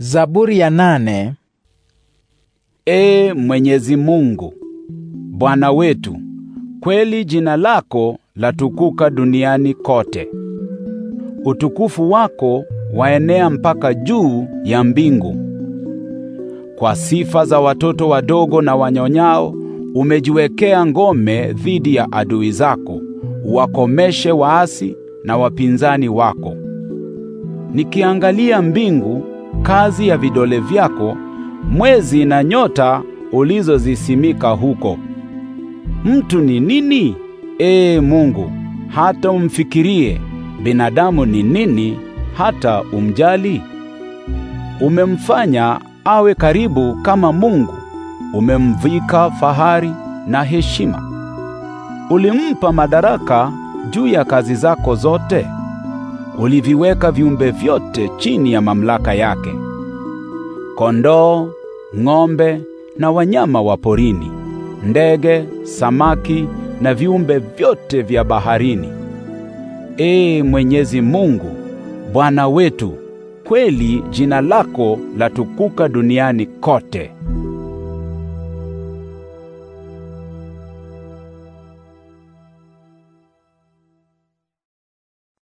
Zaburi ya nane. E Mwenyezi Mungu, Bwana wetu, kweli jina lako latukuka duniani kote. Utukufu wako waenea mpaka juu ya mbingu. Kwa sifa za watoto wadogo na wanyonyao, umejiwekea ngome dhidi ya adui zako, wakomeshe waasi na wapinzani wako. Nikiangalia mbingu kazi ya vidole vyako, mwezi na nyota ulizozisimika huko. Mtu ni nini, ee Mungu, hata umfikirie? Binadamu ni nini, hata umjali? Umemfanya awe karibu kama Mungu, umemvika fahari na heshima, ulimpa madaraka juu ya kazi zako zote uliviweka viumbe vyote chini ya mamlaka yake, kondoo, ng'ombe na wanyama wa porini, ndege, samaki na viumbe vyote vya baharini. Ee Mwenyezi Mungu Bwana wetu, kweli jina lako latukuka duniani kote.